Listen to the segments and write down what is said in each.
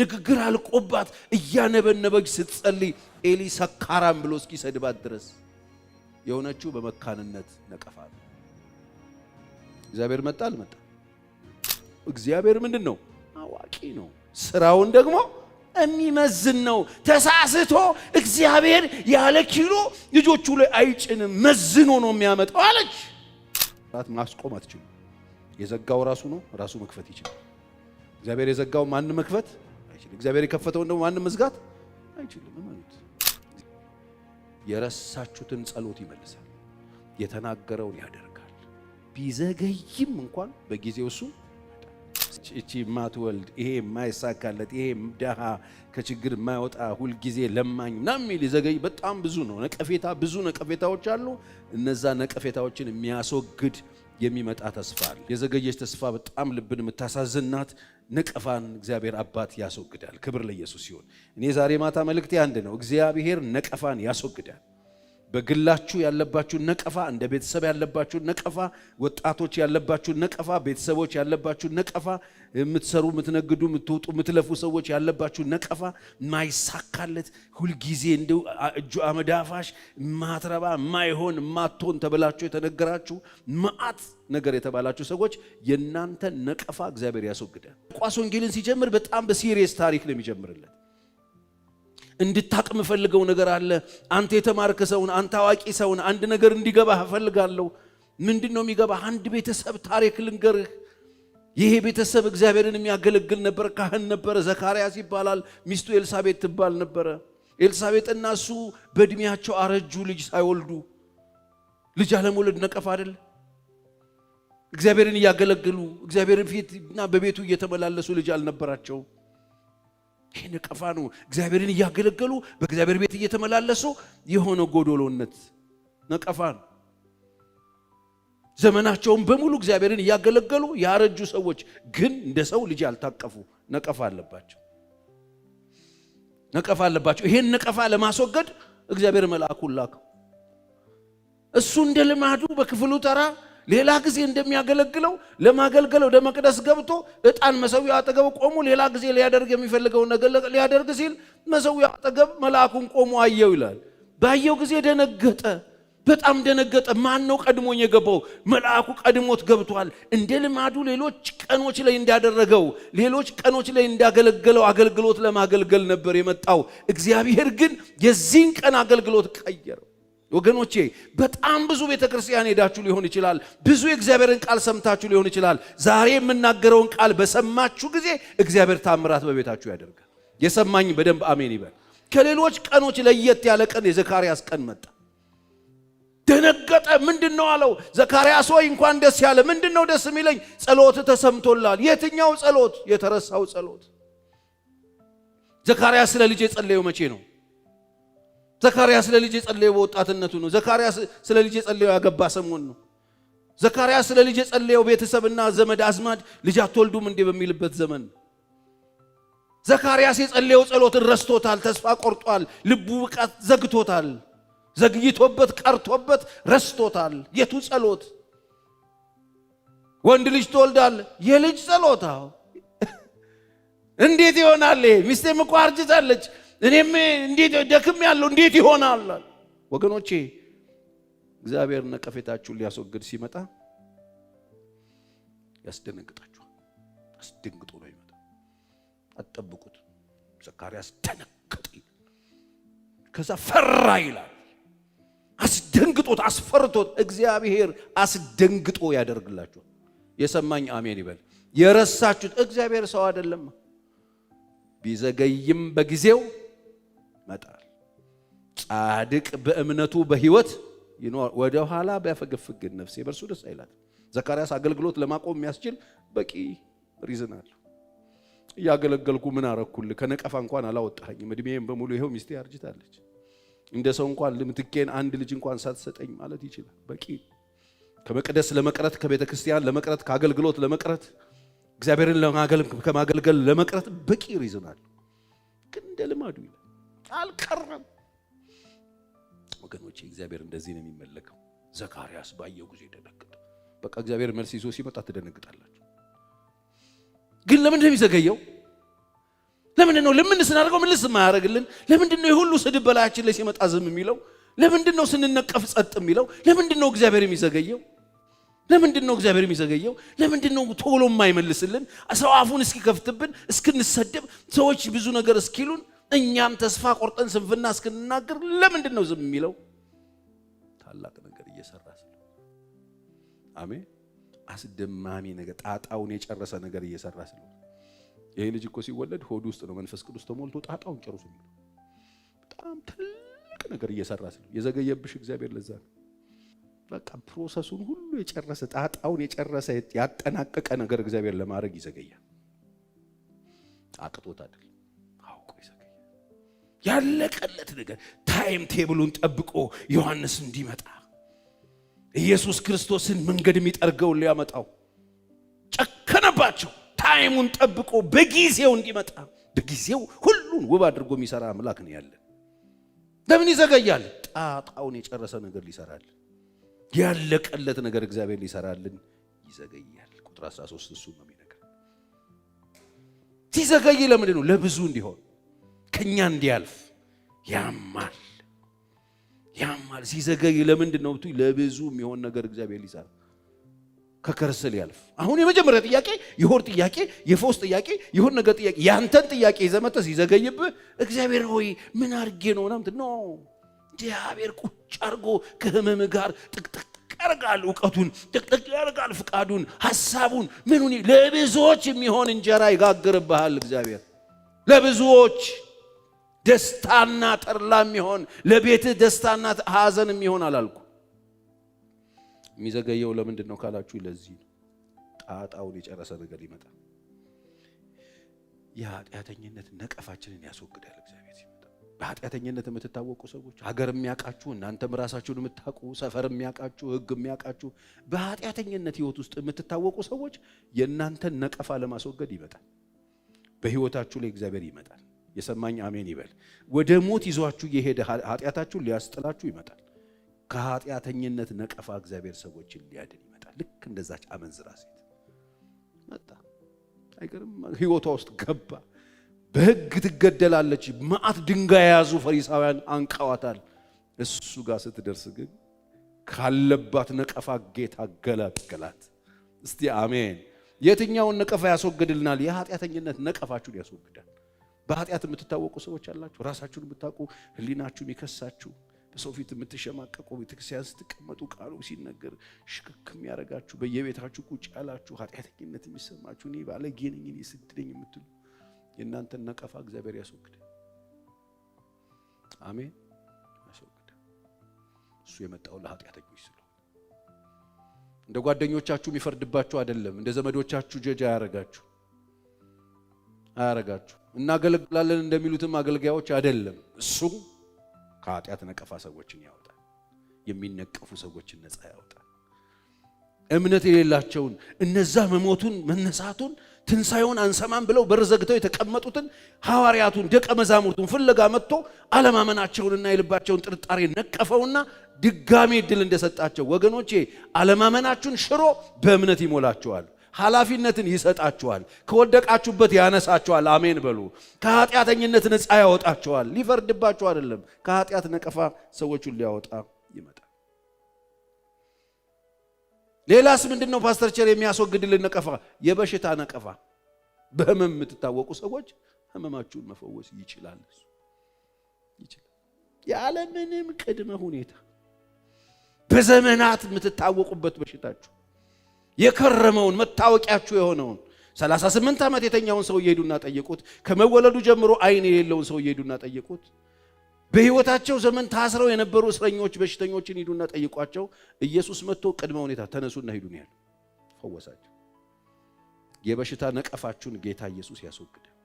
ንግግር አልቆባት እያነበነበች ስትጸልይ ኤሊ ሰካራም ብሎ እስኪሰድባት ድረስ የሆነችው በመካንነት ነቀፋ ነው። እግዚአብሔር መጣ አልመጣ? እግዚአብሔር ምንድን ነው? አዋቂ ነው። ስራውን ደግሞ የሚመዝን ነው። ተሳስቶ እግዚአብሔር ያለ ኪሎ ልጆቹ ላይ አይጭንም፣ መዝኖ ነው የሚያመጣው አለች። ራት ማስቆም አትችልም። የዘጋው ራሱ ነው፣ ራሱ መክፈት ይችላል። እግዚአብሔር የዘጋው ማን መክፈት አይችልም። እግዚአብሔር የከፈተውን ደግሞ ማንም መዝጋት አይችልም። ማለት የረሳችሁትን ጸሎት ይመልሳል፣ የተናገረውን ያደርጋል። ቢዘገይም እንኳን በጊዜው እሱ እቺ ማትወልድ ይሄ የማይሳካለት ይሄ ደሃ ከችግር የማይወጣ ሁልጊዜ ለማኝ ምናምን የሚል በጣም ብዙ ነው። ነቀፌታ ብዙ ነቀፌታዎች አሉ። እነዛ ነቀፌታዎችን የሚያስወግድ የሚመጣ ተስፋ አለ። የዘገየች ተስፋ በጣም ልብን የምታሳዝናት ነቀፋን እግዚአብሔር አባት ያስወግዳል። ክብር ለኢየሱስ ይሁን። እኔ ዛሬ ማታ መልእክቴ አንድ ነው። እግዚአብሔር ነቀፋን ያስወግዳል። በግላችሁ ያለባችሁን ነቀፋ፣ እንደ ቤተሰብ ያለባችሁን ነቀፋ፣ ወጣቶች ያለባችሁን ነቀፋ፣ ቤተሰቦች ያለባችሁን ነቀፋ የምትሰሩ፣ የምትነግዱ፣ የምትወጡ፣ የምትለፉ ሰዎች ያለባችሁ ነቀፋ፣ ማይሳካለት ሁልጊዜ እንደ እጁ አመዳፋሽ ማትረባ፣ ማይሆን፣ ማቶን ተብላችሁ የተነገራችሁ መዓት ነገር የተባላችሁ ሰዎች የእናንተ ነቀፋ እግዚአብሔር ያስወግደ። ቋስ ወንጌልን ሲጀምር በጣም በሲሪየስ ታሪክ ነው የሚጀምርለት። እንድታቅ የምፈልገው ነገር አለ። አንተ የተማርክ ሰውን፣ አንተ አዋቂ ሰውን፣ አንድ ነገር እንዲገባህ እፈልጋለሁ። ምንድን ነው የሚገባህ? አንድ ቤተሰብ ታሪክ ልንገርህ ይሄ ቤተሰብ እግዚአብሔርን የሚያገለግል ነበር። ካህን ነበረ፣ ዘካርያስ ይባላል። ሚስቱ ኤልሳቤት ትባል ነበረ። እና እሱ በእድሜያቸው አረጁ፣ ልጅ ሳይወልዱ። ልጅ አለመውለድ ነቀፍ አይደል? እግዚአብሔርን እያገለግሉ እግዚአብሔርን ፊትና በቤቱ እየተመላለሱ ልጅ አልነበራቸው። ይህ ነቀፋ ነው። እግዚአብሔርን እያገለገሉ በእግዚአብሔር ቤት እየተመላለሱ የሆነ ጎዶሎነት ነቀፋ ነው። ዘመናቸውን በሙሉ እግዚአብሔርን እያገለገሉ ያረጁ ሰዎች ግን እንደ ሰው ልጅ ያልታቀፉ ነቀፋ አለባቸው፣ ነቀፋ አለባቸው። ይሄን ነቀፋ ለማስወገድ እግዚአብሔር መልአኩን ላከው። እሱ እንደ ልማዱ በክፍሉ ተራ ሌላ ጊዜ እንደሚያገለግለው ለማገልገል ወደ መቅደስ ገብቶ ዕጣን መሰዊያው አጠገብ ቆሞ ሌላ ጊዜ ሊያደርግ የሚፈልገውን ነገር ሊያደርግ ሲል መሰዊያው አጠገብ መልአኩን ቆሞ አየው ይላል። ባየው ጊዜ ደነገጠ። በጣም ደነገጠ። ማን ነው ቀድሞኝ የገባው? መልአኩ ቀድሞት ገብቷል። እንደ ልማዱ ሌሎች ቀኖች ላይ እንዳደረገው ሌሎች ቀኖች ላይ እንዳገለገለው አገልግሎት ለማገልገል ነበር የመጣው። እግዚአብሔር ግን የዚህን ቀን አገልግሎት ቀየረው። ወገኖቼ በጣም ብዙ ቤተ ክርስቲያን ሄዳችሁ ሊሆን ይችላል። ብዙ የእግዚአብሔርን ቃል ሰምታችሁ ሊሆን ይችላል። ዛሬ የምናገረውን ቃል በሰማችሁ ጊዜ እግዚአብሔር ታምራት በቤታችሁ ያደርጋል። የሰማኝ በደንብ አሜን ይበል። ከሌሎች ቀኖች ለየት ያለ ቀን የዘካርያስ ቀን መጣ። ደነገጠ። ምንድን ነው አለው? ዘካርያስ ሆይ እንኳን ደስ ያለ። ምንድን ነው ደስ የሚለኝ? ጸሎት ተሰምቶላል። የትኛው ጸሎት? የተረሳው ጸሎት። ዘካርያስ ስለ ልጅ የጸለየው መቼ ነው? ዘካርያስ ስለ ልጅ የጸለየው በወጣትነቱ ነው። ዘካርያስ ስለ ልጅ የጸለየው ያገባ ሰሞን ነው። ዘካርያስ ስለ ልጅ የጸለየው ቤተሰብና ዘመድ አዝማድ ልጅ አትወልዱም እንዴ በሚልበት ዘመን ዘካርያስ የጸለየው ጸሎትን ረስቶታል። ተስፋ ቆርጧል። ልቡ ብቃት ዘግቶታል። ዘግይቶበት ቀርቶበት ረስቶታል። የቱ ጸሎት? ወንድ ልጅ ትወልዳል። የልጅ ጸሎት እንዴት ይሆናል? ሚስቴም እኮ አርጅታለች፣ እኔም እንዴት ደክም ያለው እንዴት ይሆናል? ወገኖቼ እግዚአብሔር ነቀፌታችሁን ሊያስወግድ ሲመጣ ያስደነግጣችኋል። አስደንግጦ ነው ይመጣ። አትጠብቁት። ሰካርያስ ደነገጠ፣ ከዛ ፈራ ይላል። አስደንግጦት አስፈርቶት እግዚአብሔር አስደንግጦ ያደርግላችኋል። የሰማኝ አሜን ይበል። የረሳችሁት እግዚአብሔር ሰው አይደለም፣ ቢዘገይም በጊዜው መጣል ጻድቅ በእምነቱ በሕይወት ይኖር፣ ወደ ኋላ ቢያፈገፍግን ነፍሴ በእርሱ ደስ አይላት። ዘካርያስ አገልግሎት ለማቆም የሚያስችል በቂ ሪዝን አለ። እያገለገልኩ ምን አረኩል ከነቀፋ እንኳን አላወጣኝም። እድሜም በሙሉ ይኸው ሚስቴ አርጅታለች። እንደ ሰው እንኳን ልምትኬን አንድ ልጅ እንኳን ሳትሰጠኝ ማለት ይችላል። በቂ ከመቅደስ ለመቅረት ከቤተ ክርስቲያን ለመቅረት ከአገልግሎት ለመቅረት እግዚአብሔርን ከማገልገል ለመቅረት በቂ ሪዝናል። ግን እንደ ልማዱ ይላል አልቀረም። ወገኖቼ እግዚአብሔር እንደዚህ ነው የሚመለከው። ዘካርያስ ባየው ጊዜ ደነገጠ። በቃ እግዚአብሔር መልስ ይዞ ሲመጣ ትደነግጣላችሁ። ግን ለምን እንደሚዘገየው ለምንድን ነው ለምን ስናደርገው ምን የማያደርግልን? ለምንድን ነው የሁሉ ስድብ በላያችን ላይ ሲመጣ ዝም የሚለው? ለምንድን ነው ስንነቀፍ ጸጥ የሚለው? ለምንድን ነው እግዚአብሔር የሚዘገየው? ለምንድን ነው እግዚአብሔር የሚዘገየው? ለምንድን ነው ቶሎ የማይመልስልን? ሰው አፉን እስኪከፍትብን እስክንሰደብ፣ ሰዎች ብዙ ነገር እስኪሉን፣ እኛም ተስፋ ቆርጠን ስንፍና እስክንናገር ለምንድን ነው ዝም የሚለው? ታላቅ ነገር እየሰራ አሜን። አስደማሚ ነገር ጣጣውን የጨረሰ ነገር እየሰራ ስለ ይሄ ልጅ እኮ ሲወለድ ሆድ ውስጥ ነው መንፈስ ቅዱስ ተሞልቶ ጣጣውን ጨርሶ የሚለው በጣም ትልቅ ነገር እየሰራ ስለ የዘገየብሽ እግዚአብሔር ለዛ ነው። በቃ ፕሮሰሱን ሁሉ የጨረሰ ጣጣውን የጨረሰ ያጠናቀቀ ነገር እግዚአብሔር ለማድረግ ይዘገያል። አቅቶት አይደል አውቆ ይዘገያል። ያለቀለት ነገር ታይም ቴብሉን ጠብቆ ዮሐንስ እንዲመጣ ኢየሱስ ክርስቶስን መንገድ የሚጠርገውን ሊያመጣው ጨከነባቸው። ታይሙን ጠብቆ በጊዜው እንዲመጣ በጊዜው ሁሉን ውብ አድርጎ የሚሰራ አምላክ ነው ያለ። ለምን ይዘገያል? ጣጣውን የጨረሰ ነገር ሊሰራል፣ ያለቀለት ነገር እግዚአብሔር ሊሰራልን ይዘገያል። ቁጥር 13 እሱ ነው የሚነግር። ሲዘገይ ለምንድን ነው? ለብዙ እንዲሆን ከእኛ እንዲያልፍ ያማል ያማል። ሲዘገይ ለምንድን ነው? ለብዙ የሚሆን ነገር እግዚአብሔር ሊሰራ ከከርስ ሊያልፍ አሁን የመጀመሪያ ጥያቄ የሆድ ጥያቄ፣ የፎስ ጥያቄ፣ የሆድ ነገር ጥያቄ፣ ያንተን ጥያቄ ይዘመተ ሲዘገይብህ እግዚአብሔር ሆይ ምን አድርጌ ነው ምናምን ነው። እግዚአብሔር ቁጭ አርጎ ከህመም ጋር ጥቅጥቅ ያርጋል፣ እውቀቱን ጥቅጥቅ ያርጋል፣ ፍቃዱን፣ ሐሳቡን፣ ምኑን ለብዙዎች የሚሆን እንጀራ ይጋግርብሃል። እግዚአብሔር ለብዙዎች ደስታና ጠርላ የሚሆን ለቤትህ ደስታና ሐዘን የሚሆን አላልኩ የሚዘገየው ለምንድን ነው ካላችሁ፣ ለዚህ ነው። ጣጣውን የጨረሰ ነገር ይመጣል። የኃጢአተኝነት ነቀፋችንን ያስወግዳል እግዚአብሔር ሲመጣ። በኃጢአተኝነት የምትታወቁ ሰዎች፣ ሀገር የሚያውቃችሁ፣ እናንተም ራሳችሁን የምታውቁ፣ ሰፈር የሚያውቃችሁ፣ ህግ የሚያውቃችሁ፣ በኃጢአተኝነት ህይወት ውስጥ የምትታወቁ ሰዎች የእናንተን ነቀፋ ለማስወገድ ይመጣል። በህይወታችሁ ላይ እግዚአብሔር ይመጣል። የሰማኝ አሜን ይበል። ወደ ሞት ይዟችሁ የሄደ ኃጢአታችሁን ሊያስጥላችሁ ይመጣል። ከኃጢአተኝነት ነቀፋ እግዚአብሔር ሰዎችን ሊያድን ይመጣል። ልክ እንደዛች አመንዝራ ሴት መጣ፣ አይገርም? ህይወቷ ውስጥ ገባ። በህግ ትገደላለች። መዓት ድንጋይ የያዙ ፈሪሳውያን አንቀዋታል። እሱ ጋር ስትደርስ ግን ካለባት ነቀፋ ጌታ ገላገላት። እስቲ አሜን። የትኛውን ነቀፋ ያስወግድልናል? የኃጢአተኝነት ነቀፋችሁን ያስወግዳል። በኃጢአት የምትታወቁ ሰዎች አላችሁ፣ ራሳችሁን የምታውቁ ህሊናችሁ የሚከሳችሁ በሰው ፊት የምትሸማቀቁ ቤተክርስቲያን ስትቀመጡ ቃሉ ሲነገር ሽክክ የሚያደርጋችሁ በየቤታችሁ ቁጭ ያላችሁ ኃጢአተኝነት የሚሰማችሁ እኔ ባለጌ ነኝ፣ እኔ የምትሉ የእናንተን ነቀፋ እግዚአብሔር ያስወግደ። አሜን፣ ያስወግደ። እሱ የመጣው ለኃጢአተኞች ስለሆነ እንደ ጓደኞቻችሁ የሚፈርድባችሁ አይደለም። እንደ ዘመዶቻችሁ ጀጅ አያረጋችሁ አያረጋችሁ። እናገለግላለን እንደሚሉትም አገልጋዮች አይደለም እሱ ከኃጢአት ነቀፋ ሰዎችን ያወጣ፣ የሚነቀፉ ሰዎችን ነፃ ያወጣ፣ እምነት የሌላቸውን እነዛ መሞቱን፣ መነሳቱን፣ ትንሣኤውን አንሰማም ብለው በር ዘግተው የተቀመጡትን ሐዋርያቱን ደቀ መዛሙርቱን ፍለጋ መጥቶ አለማመናቸውንና የልባቸውን ጥርጣሬ ነቀፈውና ድጋሜ ድል እንደሰጣቸው ወገኖቼ፣ አለማመናችሁን ሽሮ በእምነት ይሞላችኋል። ኃላፊነትን ይሰጣችኋል፣ ከወደቃችሁበት ያነሳችኋል። አሜን በሉ። ከኃጢአተኝነት ነፃ ያወጣችኋል። ሊፈርድባችሁ አይደለም፣ ከኃጢአት ነቀፋ ሰዎቹን ሊያወጣ ይመጣል። ሌላስ ምንድን ነው ፓስተር ቸር የሚያስወግድልን ነቀፋ? የበሽታ ነቀፋ። በህመም የምትታወቁ ሰዎች ህመማችሁን መፈወስ ይችላል ይችላል ያለምንም ቅድመ ሁኔታ በዘመናት የምትታወቁበት በሽታችሁ የከረመውን መታወቂያችሁ የሆነውን 38 ዓመት የተኛውን ሰው እየሄዱና ጠየቁት። ከመወለዱ ጀምሮ አይን የሌለውን ሰው እየሄዱና ጠየቁት። በሕይወታቸው ዘመን ታስረው የነበሩ እስረኞች፣ በሽተኞችን ሂዱና ጠይቋቸው። ኢየሱስ መጥቶ ቅድመ ሁኔታ ተነሱና ሂዱን ያለ ፈወሳቸው። የበሽታ ነቀፋችሁን ጌታ ኢየሱስ ያስወግዳል።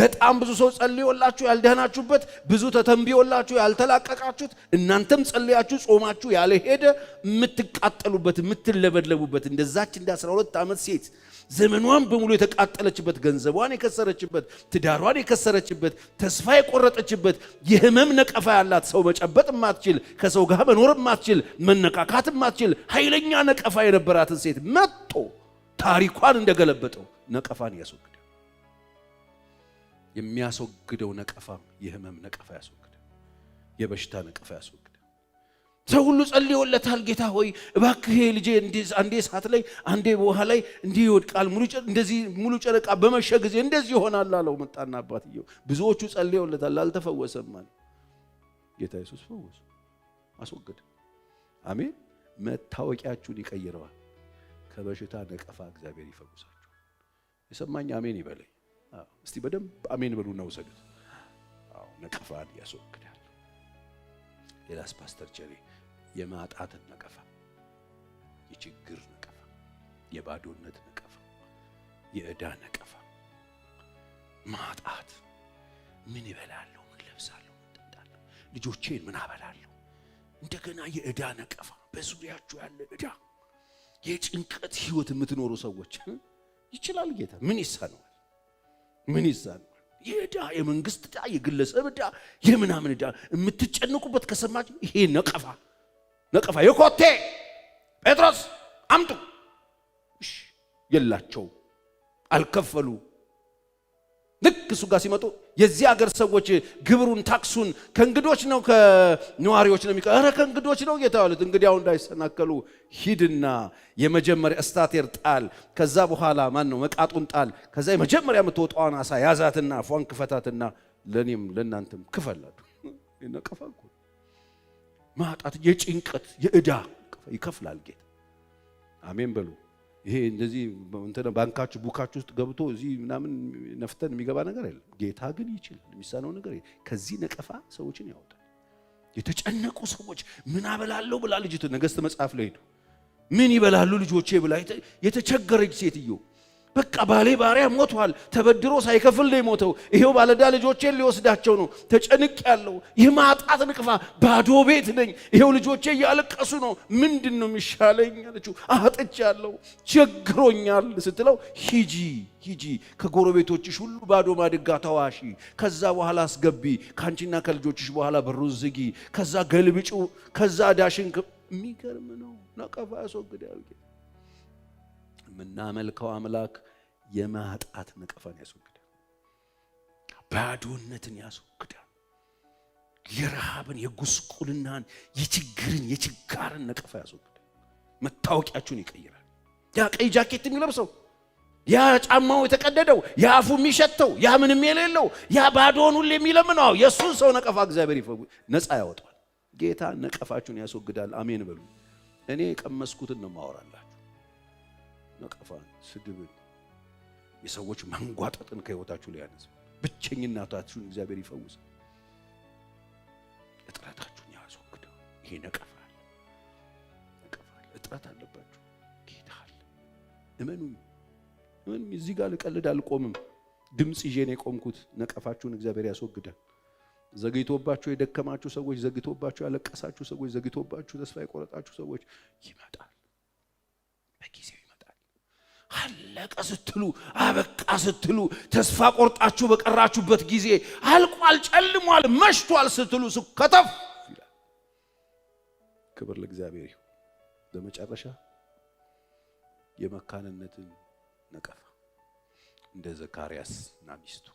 በጣም ብዙ ሰው ጸልዮላችሁ ያልደህናችሁበት ብዙ ተተንብዮላችሁ ያልተላቀቃችሁት እናንተም ጸልያችሁ ጾማችሁ ያልሄደ የምትቃጠሉበት የምትለበለቡበት እንደዛች እንደ 12 ዓመት ሴት ዘመኗን በሙሉ የተቃጠለችበት፣ ገንዘቧን የከሰረችበት፣ ትዳሯን የከሰረችበት፣ ተስፋ የቆረጠችበት፣ የህመም ነቀፋ ያላት ሰው መጨበጥ ማትችል፣ ከሰው ጋር መኖር ማትችል፣ መነካካት ማትችል፣ ኃይለኛ ነቀፋ የነበራትን ሴት መጥቶ ታሪኳን እንደገለበጠው ነቀፋን ያስወግዳል። የሚያስወግደው ነቀፋ የህመም ነቀፋ ያስወግደ፣ የበሽታ ነቀፋ ያስወግደ። ሰው ሁሉ ጸልዮለታል። ጌታ ሆይ እባክህ ልጄ አንዴ ሰዓት ላይ አንዴ ውሃ ላይ እንዲህ ይወድቃል፣ እንደዚህ ሙሉ ጨረቃ በመሸ ጊዜ እንደዚህ ይሆናል አለው። መጣና አባትየው ብዙዎቹ ጸልዮለታል፣ አልተፈወሰም አለ። ጌታ ኢየሱስ ፈወሰ፣ አስወገደ። አሜን። መታወቂያችሁን ይቀይረዋል። ከበሽታ ነቀፋ እግዚአብሔር ይፈውሳችሁ። የሰማኝ አሜን ይበለኝ። እስቲ በደንብ አሜን ብሉ ነው ውሰዱት። አዎ ነቀፋን ያስወግዳል። ሌላስ ፓስተር ቸሬ የማጣትን ነቀፋ፣ የችግር ነቀፋ፣ የባዶነት ነቀፋ፣ የእዳ ነቀፋ ማጣት ምን ይበላለሁ፣ ምን ለብሳለሁ፣ ምን ጠጣለሁ፣ ልጆቼን ምን አበላለሁ። እንደገና የእዳ ነቀፋ፣ በዙሪያችሁ ያለ እዳ፣ የጭንቀት ህይወት የምትኖሩ ሰዎች ይችላል ጌታ ምን ይሳነዋል? ምን ይዛል? የዕዳ የመንግስት ዕዳ፣ የግለሰብ ዕዳ፣ የምናምን ዕዳ የምትጨንቁበት ከሰማች ይሄ ነቀፋ ነቀፋ የኮቴ ጴጥሮስ አምጡ የላቸው አልከፈሉ ልክ እሱ ጋር ሲመጡ የዚህ አገር ሰዎች ግብሩን ታክሱን ከእንግዶች ነው ከነዋሪዎች ነው የሚቀረ ከእንግዶች ነው ጌታ ያሉት። እንግዲያው እንዳይሰናከሉ ሂድና የመጀመሪያ እስታቴር ጣል፣ ከዛ በኋላ ማን ነው መቃጡን ጣል፣ ከዛ የመጀመሪያ የምትወጣዋን አሳ ያዛትና ፏን ክፈታትና ለእኔም ለእናንተም ክፈላሉ። ነቀፋ ማጣት የጭንቀት የእዳ ይከፍላል ጌታ። አሜን በሉ። ይሄ እንደዚህ ባንካችሁ ቡካችሁ ውስጥ ገብቶ እዚህ ምናምን ነፍተን የሚገባ ነገር የለም። ጌታ ግን ይችላል። የሚሳነው ነገር ከዚህ ነቀፋ ሰዎችን ያወጣል። የተጨነቁ ሰዎች ምን አበላለሁ ብላ ልጅት ነገሥት መጽሐፍ ላይ ሄዱ ምን ይበላሉ ልጆቼ ብላ የተቸገረች ሴትዮ በቃ ባሌ ባሪያ ሞቷል፣ ተበድሮ ሳይከፍል ነው የሞተው። ይሄው ባለዳ ልጆቼን ሊወስዳቸው ነው። ተጨንቅ ያለው የማጣት ንቅፋ፣ ባዶ ቤት ነኝ። ይሄው ልጆቼ እያለቀሱ ነው። ምንድን ነው የሚሻለኝ አለችው። አጥቻለሁ፣ ቸግሮኛል ስትለው ሂጂ ሂጂ ከጎረቤቶችሽ ሁሉ ባዶ ማድጋ ተዋሺ፣ ከዛ በኋላ አስገቢ፣ ከአንቺና ከልጆችሽ በኋላ በሩን ዝጊ፣ ከዛ ገልብጩ፣ ከዛ ዳሽን። የሚገርም ነው። ነቀፋ ያስወግዳል። የምናመልከው አምላክ የማጣት ነቀፋን ያስወግዳል። ባዶነትን ያስወግዳል። የረሃብን፣ የጉስቁልናን፣ የችግርን፣ የችጋርን ነቀፋ ያስወግዳል። መታወቂያችሁን ይቀይራል። ያ ቀይ ጃኬት የሚለብሰው ያ ጫማው የተቀደደው ያ አፉ የሚሸተው ያ ምንም የሌለው ያ ባዶን ሁሉ የሚለምነው የእሱን ሰው ነቀፋ እግዚአብሔር ይፈጉ ነፃ ያወጣል። ጌታ ነቀፋችሁን ያስወግዳል። አሜን በሉ። እኔ የቀመስኩትን ነው ማወራላ ነቀፋን፣ ስድብን፣ የሰዎች መንጓጠጥን ከህይወታችሁ ላይ ያነሳ። ብቸኝነታችሁን እግዚአብሔር ይፈውስ። እጥረታችሁን ያስወግደው። ይሄ ነቀፋል ነቀፋል። እጥረት አለባችሁ። ጌታ አለ። እመኑኝ፣ እመኑኝ። እዚህ ጋር ልቀልድ አልቆምም። ድምፅ ይዤ ነው የቆምኩት። ነቀፋችሁን እግዚአብሔር ያስወግዳል። ዘግይቶባችሁ የደከማችሁ ሰዎች፣ ዘግይቶባችሁ ያለቀሳችሁ ሰዎች፣ ዘግይቶባችሁ ተስፋ የቆረጣችሁ ሰዎች ይመጣል በጊዜው አለቀ ስትሉ አበቃ ስትሉ ተስፋ ቆርጣችሁ በቀራችሁበት ጊዜ አልቋል፣ ጨልሟል፣ መሽቷል ስትሉ ስከተፍ ከተፍ ይላል። ክብር ለእግዚአብሔር ይሁን። በመጨረሻ የመካንነትን ነቀፋ እንደ ዘካርያስ እና ሚስቱ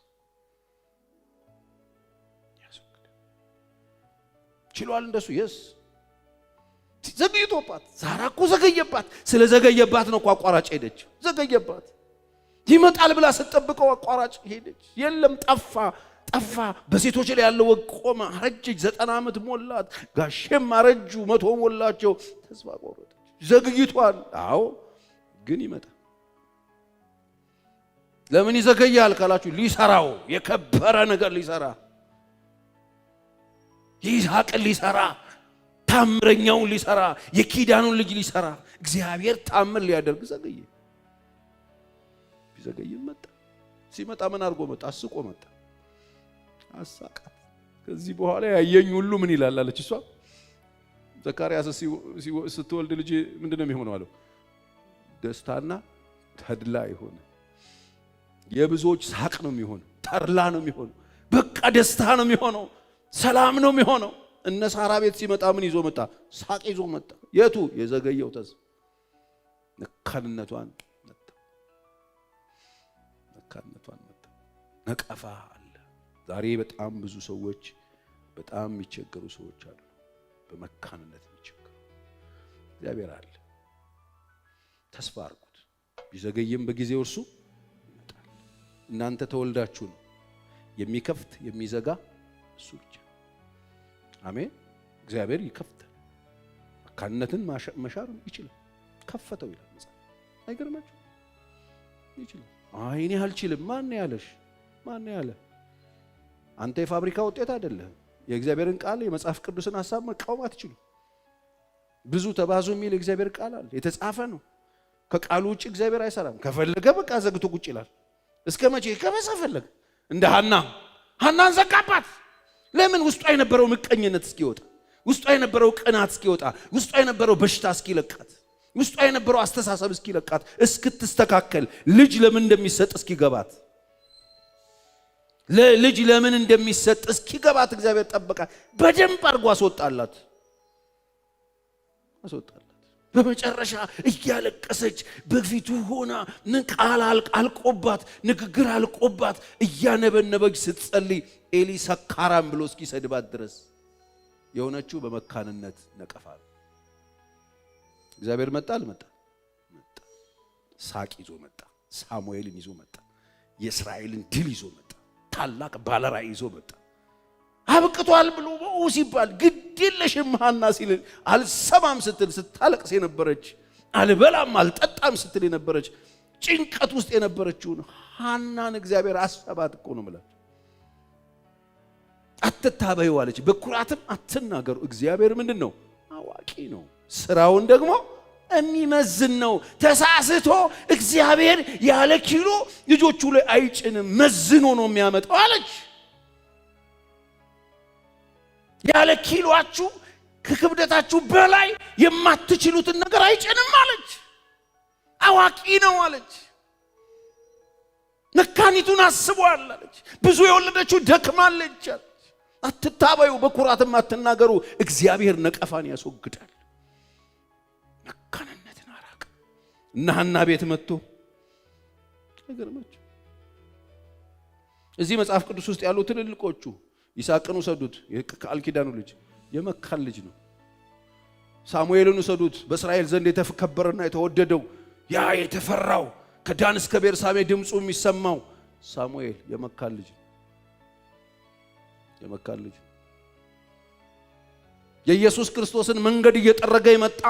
ችሏል እንደሱ የስ ዘግይቶባት ዛራ እኮ ዘገየባት። ስለ ዘገየባት ነው እኮ አቋራጭ ሄደች። ዘገየባት ይመጣል ብላ ስትጠብቀው አቋራጭ ሄደች። የለም ጠፋ ጠፋ። በሴቶች ላይ ያለው ወግ ቆመ። አረጀች፣ ዘጠና ዓመት ሞላት። ጋሼም አረጁ፣ መቶ ሞላቸው። ተስፋ ቆረጠች። ዘግይቷል። አዎ ግን ይመጣል። ለምን ይዘገያል ካላችሁ፣ ሊሰራው የከበረ ነገር ሊሰራ ይስሐቅን ሊሰራ ታምረኛውን ሊሰራ የኪዳኑን ልጅ ሊሰራ እግዚአብሔር ታምር ሊያደርግ ዘገየ። ቢዘገይም መጣ። ሲመጣ ምን አድርጎ መጣ? አስቆ መጣ። አሳቃት። ከዚህ በኋላ ያየኝ ሁሉ ምን ይላል አለች እሷ። ዘካርያስ ስትወልድ ልጅ ምንድን ነው የሚሆነው አለው? ደስታና ተድላ ይሆነ የብዙዎች ሳቅ ነው የሚሆነው። ተድላ ነው የሚሆነው። በቃ ደስታ ነው የሚሆነው። ሰላም ነው የሚሆነው። እነ ሳራ ቤት ሲመጣ ምን ይዞ መጣ? ሳቅ ይዞ መጣ። የቱ የዘገየው ተዝ ነካንነቷን መጣ። ነካንነቷን መጣ። ነቀፋ አለ። ዛሬ በጣም ብዙ ሰዎች በጣም የሚቸገሩ ሰዎች አሉ። በመካንነት የሚቸገሩ እግዚአብሔር አለ። ተስፋ አርጉት? ቢዘገይም በጊዜው እርሱ ይመጣል። እናንተ ተወልዳችሁ ነው። የሚከፍት የሚዘጋ እሱ ብቻ አሜን። እግዚአብሔር ይከፍታል። መካንነትን መሻር ይችላል። ከፈተው ይላል መጽሐፍ። አይገርማችሁ? ይችላል። አይ እኔ አልችልም። ማን ያለሽ? ማን ያለ? አንተ የፋብሪካ ውጤት አይደለህም። የእግዚአብሔርን ቃል የመጽሐፍ ቅዱስን ሀሳብ መቃወም አትችሉ። ብዙ ተባዙ የሚል የእግዚአብሔር ቃል አለ፣ የተጻፈ ነው። ከቃሉ ውጭ እግዚአብሔር አይሰራም። ከፈለገ በቃ ዘግቶ ቁጭ ይላል። እስከ መቼ ከበሰ ፈለገ እንደ ሀና ሀናን ዘጋባት። ለምን ውስጧ የነበረው ምቀኝነት እስኪወጣ፣ ውስጧ የነበረው ቅናት እስኪወጣ፣ ውስጧ የነበረው በሽታ እስኪለቃት፣ ውስጧ የነበረው አስተሳሰብ እስኪለቃት፣ እስክትስተካከል፣ ልጅ ለምን እንደሚሰጥ እስኪገባት፣ ለልጅ ለምን እንደሚሰጥ እስኪገባት እግዚአብሔር ጠበቃት። በደንብ አድርጎ አስወጣላት፣ አስወጣላት። በመጨረሻ እያለቀሰች በፊቱ ሆና ቃል አልቆባት ንግግር አልቆባት እያነበነበች ስትጸልይ ኤሊ ሰካራም ብሎ እስኪሰድባት ድረስ የሆነችው በመካንነት ነቀፋ ነው። እግዚአብሔር መጣ አልመጣ? መጣ። ሳቅ ይዞ መጣ። ሳሙኤልን ይዞ መጣ። የእስራኤልን ድል ይዞ መጣ። ታላቅ ባለራዕይ ይዞ መጣ። አብቅቷል ብሎ በው ሲባል ግድ የለሽም ሐና ሲል አልሰማም ስትል ስታለቅስ የነበረች አልበላም አልጠጣም ስትል የነበረች ጭንቀት ውስጥ የነበረችውን ሐናን እግዚአብሔር አሰባት እኮ ነው ማለት አትታበዩ አለች። በኩራትም አትናገሩ፣ እግዚአብሔር ምንድን ነው አዋቂ ነው፣ ስራውን ደግሞ የሚመዝን ነው። ተሳስቶ እግዚአብሔር ያለ ኪሎ ልጆቹ ላይ አይጭንም፣ መዝኖ ነው የሚያመጣው አለች። ያለ ኪሏችሁ ከክብደታችሁ በላይ የማትችሉትን ነገር አይጭንም አለች። አዋቂ ነው አለች። መካኒቱን አስቧል አለች። ብዙ የወለደችው ደክማለች አለች። አትታበዩ፣ በኩራትም አትናገሩ። እግዚአብሔር ነቀፋን ያስወግዳል። መካንነትን አራቅ እና ሐና ቤት መጥቶ አይገርማችሁ እዚህ መጽሐፍ ቅዱስ ውስጥ ያሉ ትልልቆቹ ይስሐቅን ውሰዱት፣ የቃል ኪዳኑ ልጅ የመካን ልጅ ነው። ሳሙኤልን ውሰዱት፣ በእስራኤል ዘንድ የተከበረና የተወደደው ያ የተፈራው ከዳን እስከ ቤርሳሜ ድምፁ የሚሰማው ሳሙኤል የመካን ልጅ ነው። የመካን ልጅ የኢየሱስ ክርስቶስን መንገድ እየጠረገ የመጣ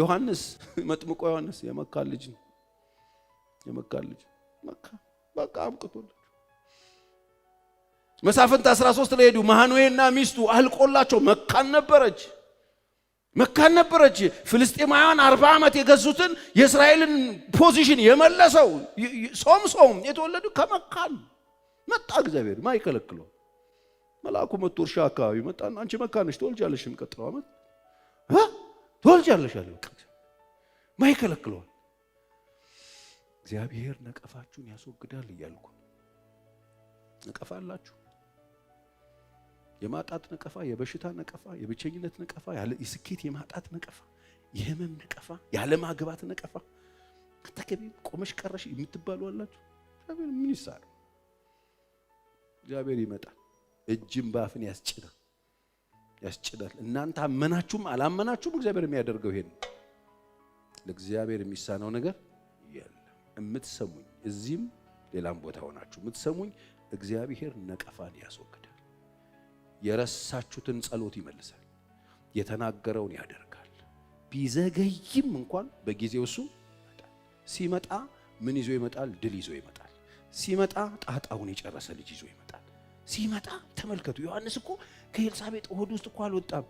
ዮሐንስ መጥምቆ ዮሐንስ የመካን ልጅ ነው። የመካን ልጅ መካ በቃ አብቅቶል። መሳፍንት 13 ላይ ሄዱ። መሐኑኤና ሚስቱ አልቆላቸው መካን ነበረች መካን ነበረች። ፍልስጤማውያን አርባ ዓመት የገዙትን የእስራኤልን ፖዚሽን የመለሰው ሶም ሶም የተወለዱ ከመካን መጣ። እግዚአብሔር ማይከለክለው መልአኩ መጥቶ እርሻ አካባቢ መጣና አንቺ መካነች ትወልጃለሽ፣ የሚቀጥለው ዓመት ትወልጃለሽ አለ። ማይከለክለዋል እግዚአብሔር ነቀፋችሁን ያስወግዳል እያልኩ ነቀፋላችሁ የማጣት ነቀፋ፣ የበሽታ ነቀፋ፣ የብቸኝነት ነቀፋ፣ የስኬት የማጣት ነቀፋ፣ የህመም ነቀፋ፣ ያለማግባት ነቀፋ፣ አተገቢ ቆመሽ ቀረሽ የምትባሉ አላችሁ። እግዚአብሔር ምን ይሳል? እግዚአብሔር ይመጣል። እጅም በአፍን ያስጭዳል ያስጭዳል። እናንተ አመናችሁም አላመናችሁም እግዚአብሔር የሚያደርገው ይሄን ለእግዚአብሔር የሚሳነው ነገር የለም። የምትሰሙኝ እዚህም ሌላም ቦታ ሆናችሁ የምትሰሙኝ እግዚአብሔር ነቀፋን ያስወግዳል። የረሳችሁትን ጸሎት ይመልሳል። የተናገረውን ያደርጋል። ቢዘገይም እንኳን በጊዜው እሱ ሲመጣ ምን ይዞ ይመጣል? ድል ይዞ ይመጣል። ሲመጣ ጣጣውን የጨረሰ ልጅ ይዞ ይመጣል። ሲመጣ ተመልከቱ፣ ዮሐንስ እኮ ከኤልሳቤጥ ሆድ ውስጥ እኮ አልወጣም።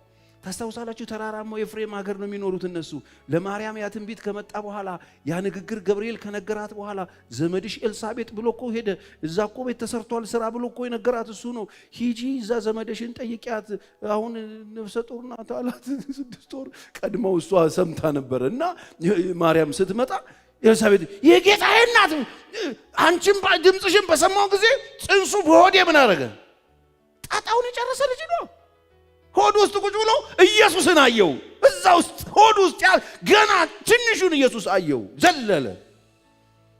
ታስታውሳላችሁ። ተራራማው የፍሬም ሀገር ነው የሚኖሩት እነሱ። ለማርያም ያ ትንቢት ከመጣ በኋላ ያ ንግግር ገብርኤል ከነገራት በኋላ ዘመድሽ ኤልሳቤጥ ብሎ እኮ ሄደ። እዛ እኮ ቤት ተሰርቷል ስራ ብሎ እኮ የነገራት እሱ ነው። ሂጂ እዛ ዘመድሽን ጠይቂያት፣ አሁን ነፍሰ ጡር ናት አላት። ስድስት ወር ቀድመው እሷ ሰምታ ነበረ እና ማርያም ስትመጣ ኤልሳቤጥ የጌታዬ እናት አንቺም ድምፅሽን በሰማው ጊዜ ፅንሱ በሆዴ ምን አደረገ? ጣጣውን የጨረሰ ልጅ ነው። ሆድ ውስጥ ቁጭ ብሎ ኢየሱስን አየው። እዛ ውስጥ ሆድ ውስጥ ያ ገና ትንሹን ኢየሱስ አየው፣ ዘለለ።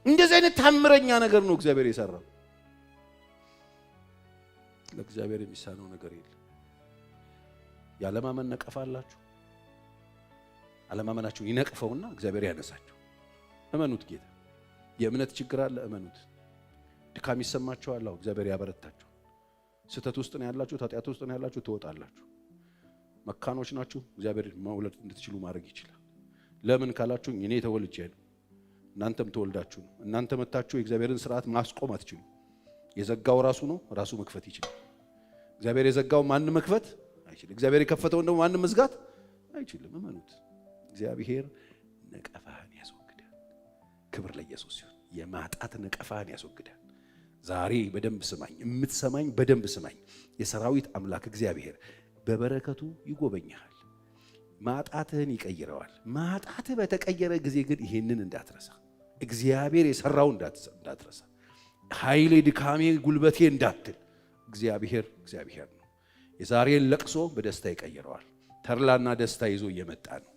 እንደዚህ አይነት ታምረኛ ነገር ነው እግዚአብሔር የሰራው። ለእግዚአብሔር የሚሳነው ነገር የለም። ያለማመን ነቀፋ አላችሁ። አለማመናችሁን ይነቅፈውና እግዚአብሔር ያነሳችሁ። እመኑት ጌታ። የእምነት ችግር አለ፣ እመኑት። ድካም ይሰማችኋል፣ እግዚአብሔር ያበረታችሁ። ስህተት ውስጥ ነው ያላችሁ፣ ኃጢአት ውስጥ ነው ያላችሁ፣ ትወጣላችሁ። መካኖች ናችሁ። እግዚአብሔር መውለድ እንድትችሉ ማድረግ ይችላል። ለምን ካላችሁኝ እኔ ተወልጄ ነው፣ እናንተም ተወልዳችሁ ነው። እናንተ መታችሁ የእግዚአብሔርን ስርዓት ማስቆም አትችሉ። የዘጋው ራሱ ነው፣ ራሱ መክፈት ይችላል። እግዚአብሔር የዘጋው ማን መክፈት አይችልም። እግዚአብሔር የከፈተውን ደግሞ ማንም መዝጋት አይችልም። እመኑት። እግዚአብሔር ነቀፋህን ያስወግዳል። ክብር ለኢየሱስ ሲሆን የማጣት ነቀፋህን ያስወግዳል። ዛሬ በደንብ ስማኝ፣ የምትሰማኝ በደንብ ስማኝ። የሰራዊት አምላክ እግዚአብሔር በበረከቱ ይጎበኛል። ማጣትህን ይቀይረዋል። ማጣትህ በተቀየረ ጊዜ ግን ይሄንን እንዳትረሳ፣ እግዚአብሔር የሰራው እንዳትረሳ፣ ኃይሌ ድካሜ፣ ጉልበቴ እንዳትል እግዚአብሔር እግዚአብሔር ነው። የዛሬን ለቅሶ በደስታ ይቀይረዋል። ተርላና ደስታ ይዞ እየመጣ ነው።